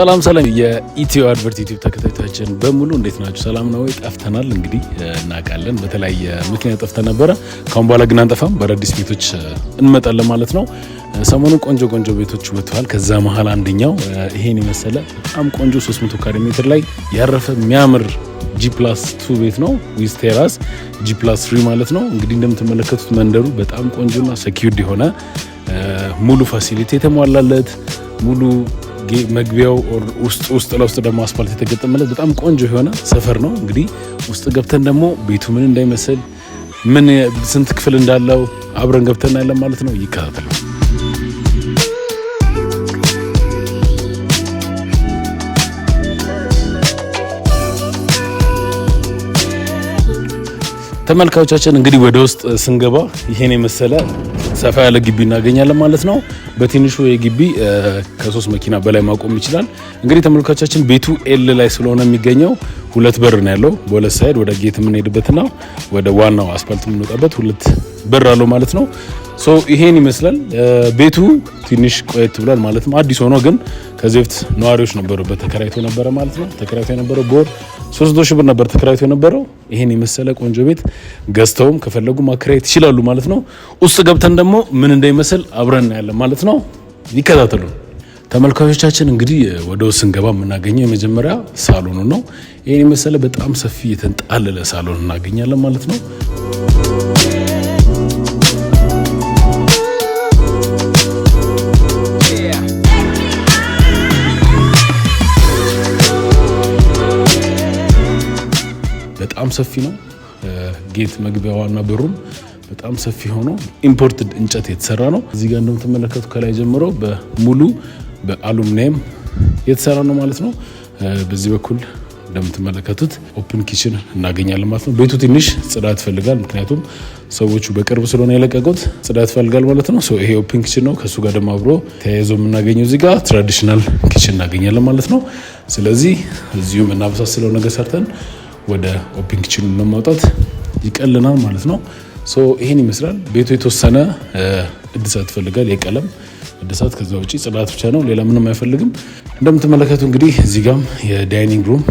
ሰላም ሰላም የኢትዮ አድቨርት ዩቲብ ተከታታዮቻችን በሙሉ እንዴት ናችሁ? ሰላም ነው ወይ? ጠፍተናል እንግዲህ እናውቃለን። በተለያየ ምክንያት ጠፍተን ነበረ። ካሁን በኋላ ግን አንጠፋም፣ በአዳዲስ ቤቶች እንመጣለን ማለት ነው። ሰሞኑ ቆንጆ ቆንጆ ቤቶች ወጥተዋል። ከዛ መሀል አንደኛው ይሄን የመሰለ በጣም ቆንጆ 300 ካሬ ሜትር ላይ ያረፈ የሚያምር ጂ ፕላስ ቱ ቤት ነው ዊዝ ቴራስ ጂ ፕላስ ትሪ ማለት ነው። እንግዲህ እንደምትመለከቱት መንደሩ በጣም ቆንጆና ሰኪዩርድ የሆነ ሙሉ ፋሲሊቲ የተሟላለት ሙሉ መግቢያው ውስጥ ውስጥ ለውስጥ ደግሞ አስፓልት የተገጠመለት በጣም ቆንጆ የሆነ ሰፈር ነው። እንግዲህ ውስጥ ገብተን ደግሞ ቤቱ ምን እንዳይመስል ምን ስንት ክፍል እንዳለው አብረን ገብተን እናያለን ማለት ነው። ይከታተሉ። ተመልካቾቻችን እንግዲህ ወደ ውስጥ ስንገባ ይሄን የመሰለ ሰፋ ያለ ግቢ እናገኛለን ማለት ነው። በትንሹ የግቢ ከሶስት መኪና በላይ ማቆም ይችላል። እንግዲህ ተመልካቻችን ቤቱ ኤል ላይ ስለሆነ የሚገኘው ሁለት በር ነው ያለው። በሁለት ሳይድ ወደ ጌት የምንሄድበትና ወደ ዋናው አስፓልት የምንወጣበት ሁለት በር አለው ማለት ነው። ሶ ይሄን ይመስላል ቤቱ። ትንሽ ቆየት ብሏል ማለት ነው። አዲስ ሆኖ ግን ከዚህ በፊት ነዋሪዎች ነበሩበት፣ ተከራይቶ ነበረ ማለት ነው። ተከራይቶ የነበረው በወር 300 ሺህ ብር ነበር ተከራይቶ የነበረው። ይሄን የመሰለ ቆንጆ ቤት ገዝተውም ከፈለጉ ማከራየት ይችላሉ ማለት ነው። ውስጥ ገብተን ደግሞ ምን እንደሚመስል አብረን እናያለን ማለት ነው። ይከታተሉ ተመልካቾቻችን። እንግዲህ ወደ ውስጥ ስንገባ የምናገኘው የመጀመሪያ ሳሎኑ ነው። ይሄን የመሰለ በጣም ሰፊ የተንጣለለ ሳሎን እናገኛለን ማለት ነው። በጣም ሰፊ ነው። ጌት መግቢያዋና በሩም በጣም ሰፊ ሆኖ ኢምፖርትድ እንጨት የተሰራ ነው። እዚህ ጋር እንደምትመለከቱ ከላይ ጀምሮ በሙሉ በአሉሚኒየም የተሰራ ነው ማለት ነው። በዚህ በኩል እንደምትመለከቱት ኦፕን ኪችን እናገኛለን ማለት ነው። ቤቱ ትንሽ ጽዳት ይፈልጋል፣ ምክንያቱም ሰዎቹ በቅርብ ስለሆነ የለቀቁት ጽዳት ይፈልጋል ማለት ነው። ይሄ ኦፕን ኪችን ነው። ከእሱ ጋር ደግሞ አብሮ ተያይዞ የምናገኘው እዚህ ጋር ትራዲሽናል ኪችን እናገኛለን ማለት ነው። ስለዚህ እዚሁ እናበሳስለው ነገር ሰርተን ወደ ኦፕን ኪችኑ ለማውጣት ይቀልናል ማለት ነው። ሶ ይሄን ይመስላል ቤቱ የተወሰነ እድሳት ይፈልጋል። የቀለም እድሳት፣ ከዛ ውጭ ጽዳት ብቻ ነው፣ ሌላ ምንም አይፈልግም። እንደምትመለከቱ እንግዲህ እዚህ ጋም የዳይኒንግ ሩም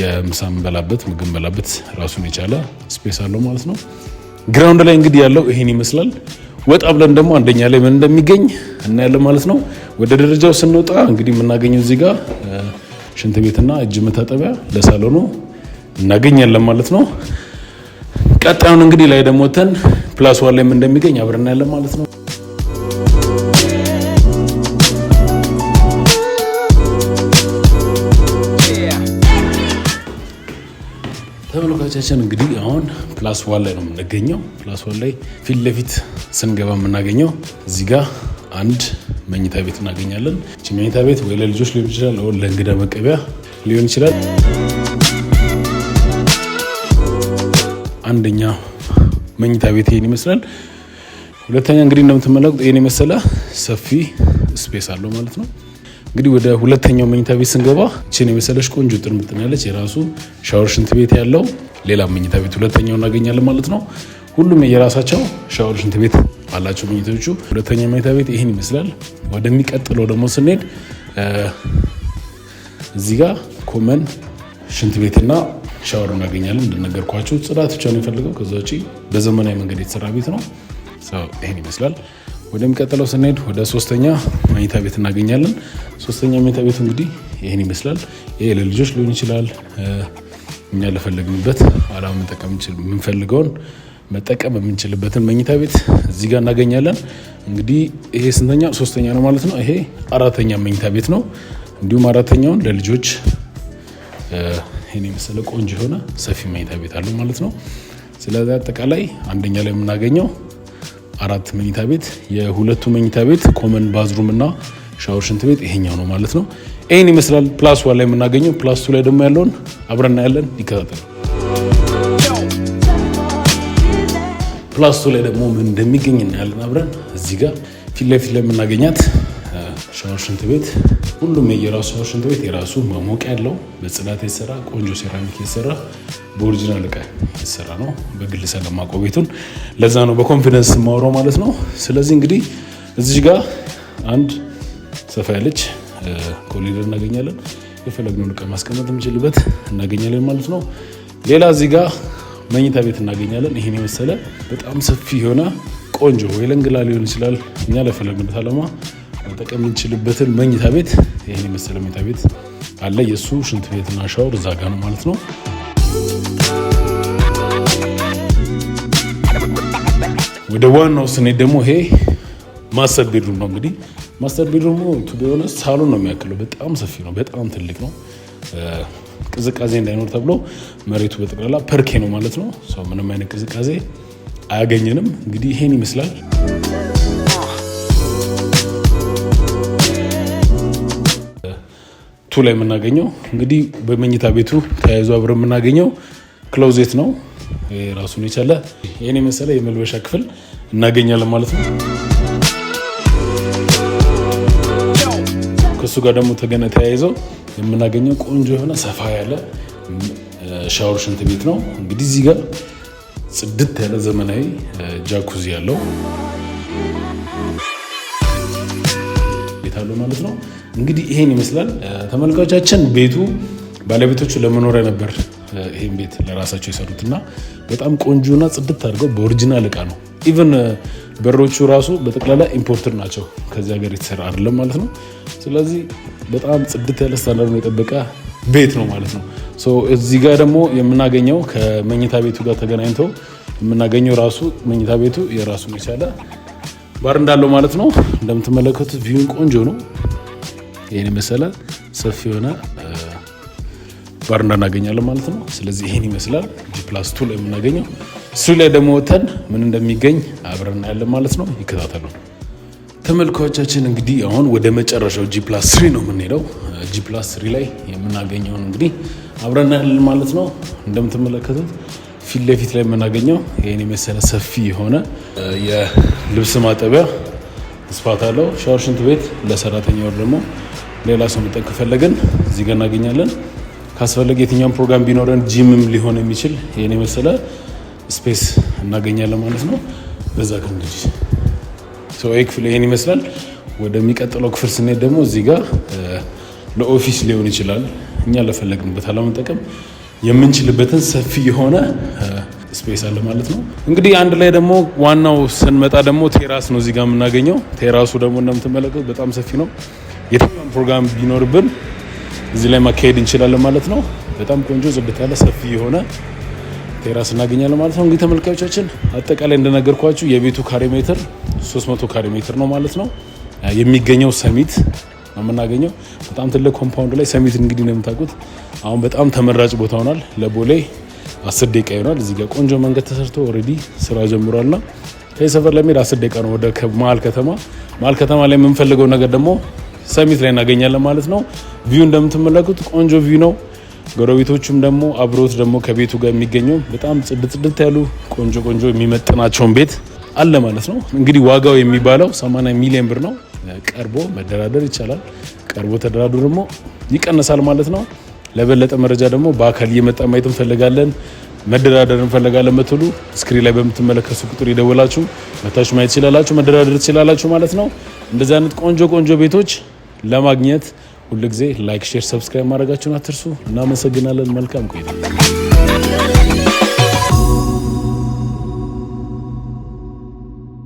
የምሳ ምንበላበት ምግብ ምበላበት ራሱን የቻለ ስፔስ አለው ማለት ነው። ግራውንድ ላይ እንግዲህ ያለው ይሄን ይመስላል። ወጣ ብለን ደግሞ አንደኛ ላይ ምን እንደሚገኝ እናያለን ማለት ነው። ወደ ደረጃው ስንወጣ እንግዲህ የምናገኘው እዚህ ጋር ሽንት ቤትና እጅ መታጠቢያ ለሳሎኑ እናገኛለን ማለት ነው። ቀጣዩን እንግዲህ ላይ ደግሞ ተን ፕላስ ዋን ላይም እንደሚገኝ አብረን እናያለን ማለት ነው። ተመልካቻችን እንግዲህ አሁን ፕላስ ዋን ላይ ነው የምንገኘው። ፕላስ ዋን ላይ ፊት ለፊት ስንገባ የምናገኘው እዚህ ጋ አንድ መኝታ ቤት እናገኛለን። መኝታ ቤት ወይ ለልጆች ሊሆን ይችላል፣ ለእንግዳ መቀቢያ ሊሆን ይችላል። አንደኛ መኝታ ቤት ይሄን ይመስላል። ሁለተኛ እንግዲህ እንደምትመለከቱት ይሄን የመሰለ ሰፊ ስፔስ አለው ማለት ነው። እንግዲህ ወደ ሁለተኛው መኝታ ቤት ስንገባ እችን የመሰለች ቆንጆ ጥርምጥን ያለች የራሱ ሻወር፣ ሽንት ቤት ያለው ሌላ መኝታ ቤት ሁለተኛው እናገኛለን ማለት ነው። ሁሉም የራሳቸው ሻወር፣ ሽንት ቤት አላቸው መኝታዎቹ። ሁለተኛ መኝታ ቤት ይህን ይመስላል። ወደሚቀጥለው ደግሞ ስንሄድ እዚህ ጋር ኮመን ሽንት ቤትና ሻወር እናገኛለን። እንደነገርኳችሁ ጽዳት ብቻ ነው የፈልገው። ከዛ ውጪ በዘመናዊ መንገድ የተሰራ ቤት ነው። ይህን ይመስላል። ወደሚቀጥለው ስንሄድ ወደ ሶስተኛ መኝታ ቤት እናገኛለን። ሶስተኛ መኝታ ቤት እንግዲህ ይህን ይመስላል። ይሄ ለልጆች ሊሆን ይችላል። እኛ ለፈለግንበት አላማ መጠቀም የምንፈልገውን መጠቀም የምንችልበትን መኝታ ቤት እዚህ ጋር እናገኛለን። እንግዲህ ይሄ ስንተኛ? ሶስተኛ ነው ማለት ነው። ይሄ አራተኛ መኝታ ቤት ነው። እንዲሁም አራተኛውን ለልጆች ይህን የመሰለ ቆንጆ የሆነ ሰፊ መኝታ ቤት አለው ማለት ነው። ስለዚህ አጠቃላይ አንደኛ ላይ የምናገኘው አራት መኝታ ቤት፣ የሁለቱ መኝታ ቤት ኮመን ባዝሩም እና ሻወር ሽንት ቤት ይሄኛው ነው ማለት ነው። ይህን ይመስላል። ፕላስ ዋን ላይ የምናገኘው ፕላስ ቱ ላይ ደግሞ ያለውን አብረና ያለን ይከታተሉ። ፕላስ ቱ ላይ ደግሞ ምን እንደሚገኝ እናያለን አብረን እዚህ ጋር ፊት ለፊት ላይ የምናገኛት ሻወር ሽንት ቤት ሁሉም የየራሱ ሻወር ሽንት ቤት የራሱ ማሞቅ ያለው በጽዳት የተሰራ ቆንጆ ሴራሚክ የተሰራ በኦሪጂናል እቃ የተሰራ ነው። በግል ሰለማቆ ቤቱን ለዛ ነው በኮንፊደንስ ማውራው ማለት ነው። ስለዚህ እንግዲህ እዚህ ጋር አንድ ሰፋ ያለች ኮሊደር እናገኛለን። የፈለግነውን እቃ ማስቀመጥ የምንችልበት እናገኛለን ማለት ነው። ሌላ እዚህ ጋር መኝታ ቤት እናገኛለን። ይህን የመሰለ በጣም ሰፊ የሆነ ቆንጆ ወይ ለእንግላ ሊሆን ይችላል እኛ ለፈለግነት አለማ መጠቀም የምንችልበትን መኝታ ቤት ይህን የመሰለ መኝታ ቤት አለ። የእሱ ሽንት ቤትና ሻወር እዛ ጋ ነው ማለት ነው። ወደ ዋናው ስኔት ደግሞ ይሄ ማስተር ቤድሩም ነው። እንግዲህ ማስተር ቤድሩም ቱ ቢሆነ ሳሎን ነው የሚያክለው። በጣም ሰፊ ነው። በጣም ትልቅ ነው። ቅዝቃዜ እንዳይኖር ተብሎ መሬቱ በጠቅላላ ፐርኬ ነው ማለት ነው። ምንም አይነት ቅዝቃዜ አያገኘንም። እንግዲህ ይሄን ይመስላል። ቱ ላይ የምናገኘው እንግዲህ በመኝታ ቤቱ ተያይዞ አብረ የምናገኘው ክሎዜት ነው። ራሱን የቻለ ይህን የመሰለ የመልበሻ ክፍል እናገኛለን ማለት ነው። ከእሱ ጋር ደግሞ ተገነ ተያይዘው የምናገኘው ቆንጆ የሆነ ሰፋ ያለ ሻወር ሽንት ቤት ነው። እንግዲህ እዚህ ጋር ጽድት ያለ ዘመናዊ ጃኩዚ ያለው አሳይቻለሁ ማለት ነው። እንግዲህ ይሄን ይመስላል ተመልካቾቻችን። ቤቱ ባለቤቶቹ ለመኖሪያ ነበር ይህን ቤት ለራሳቸው የሰሩት እና በጣም ቆንጆና ጽድት አድርገው በኦሪጂናል እቃ ነው። ኢቨን በሮቹ ራሱ በጠቅላላ ኢምፖርትድ ናቸው፣ ከዚህ ሀገር የተሰራ አይደለም ማለት ነው። ስለዚህ በጣም ጽድት ያለ ስታንዳርድ የጠበቀ ቤት ነው ማለት ነው። እዚህ ጋር ደግሞ የምናገኘው ከመኝታ ቤቱ ጋር ተገናኝተው የምናገኘው ራሱ መኝታ ቤቱ የራሱ የቻለ ባር እንዳለው ማለት ነው። እንደምትመለከቱት ቪውን ቆንጆ ነው። ይህን የመሰለ ሰፊ የሆነ ባር እንዳናገኛለን ማለት ነው። ስለዚህ ይህን ይመስላል ጂፕላስ ቱ ላይ የምናገኘው። እሱ ላይ ደግሞ ወተን ምን እንደሚገኝ አብረን እናያለን ማለት ነው። ይከታተሉ ተመልካዮቻችን። እንግዲህ አሁን ወደ መጨረሻው ጂፕላስ ስሪ ነው የምንሄደው። ጂፕላስ ስሪ ላይ የምናገኘውን እንግዲህ አብረን እናያለን ማለት ነው እንደምትመለከቱት ፊት ለፊት ላይ የምናገኘው ይህን የመሰለ ሰፊ የሆነ የልብስ ማጠቢያ ስፋት አለው። ሻወር፣ ሽንት ቤት ለሰራተኛ ወር ደግሞ ሌላ ሰው መጠን ከፈለግን እዚህ ጋር እናገኛለን። ካስፈለገ የትኛውን ፕሮግራም ቢኖረን ጂምም ሊሆን የሚችል ይህን የመሰለ ስፔስ እናገኛለን ማለት ነው። በዛ ክፍል እንግዲህ ይህ ክፍል ይህን ይመስላል። ወደሚቀጥለው ክፍል ስንሄድ ደግሞ እዚህ ጋር ለኦፊስ ሊሆን ይችላል እኛ ለፈለግንበት አለመጠቀም የምንችልበትን ሰፊ የሆነ ስፔስ አለ ማለት ነው። እንግዲህ አንድ ላይ ደግሞ ዋናው ስንመጣ ደግሞ ቴራስ ነው እዚህ ጋር የምናገኘው። ቴራሱ ደግሞ እንደምትመለከቱ በጣም ሰፊ ነው። የትኛውም ፕሮግራም ቢኖርብን እዚህ ላይ ማካሄድ እንችላለን ማለት ነው። በጣም ቆንጆ ጽድት ያለ ሰፊ የሆነ ቴራስ እናገኛለን ማለት ነው። እንግዲህ ተመልካዮቻችን አጠቃላይ እንደነገርኳችሁ የቤቱ ካሬ ሜትር 300 ካሬ ሜትር ነው ማለት ነው የሚገኘው ሰሚት ነው የምናገኘው። በጣም ትልቅ ኮምፓውንድ ላይ ሰሚት እንግዲህ ነው የምታውቁት። አሁን በጣም ተመራጭ ቦታ ሆኗል። ለቦሌ አስር ደቂቃ ይሆናል። እዚህ ጋር ቆንጆ መንገድ ተሰርቶ ኦልሬዲ ስራ ና ከዚህ ሰፈር ለሚሄድ አስር ደቂቃ ነው ወደ መሀል ከተማ። መሀል ከተማ ላይ የምንፈልገው ነገር ደግሞ ሰሚት ላይ እናገኛለን ማለት ነው። ቪው እንደምትመለከቱት ቆንጆ ቪው ነው። ጎረቤቶቹም ደግሞ አብሮት ደግሞ ከቤቱ ጋር የሚገኘው በጣም ጽድት ጽድት ያሉ ቆንጆ ቆንጆ የሚመጥናቸውን ቤት አለ ማለት ነው። እንግዲህ ዋጋው የሚባለው 80 ሚሊዮን ብር ነው። ቀርቦ መደራደር ይቻላል። ቀርቦ ተደራድሮ ደግሞ ይቀነሳል ማለት ነው። ለበለጠ መረጃ ደግሞ በአካል እየመጣ ማየት እንፈልጋለን፣ መደራደር እንፈልጋለን ብትሉ ስክሪን ላይ በምትመለከቱ ቁጥር ይደውላችሁ መታችሁ ማየት ይችላላችሁ፣ መደራደር ትችላላችሁ ማለት ነው። እንደዚህ አይነት ቆንጆ ቆንጆ ቤቶች ለማግኘት ሁልጊዜ ላይክ፣ ሼር፣ ሰብስክራይብ ማድረጋችሁን አትርሱ። እናመሰግናለን። መልካም ቆይታ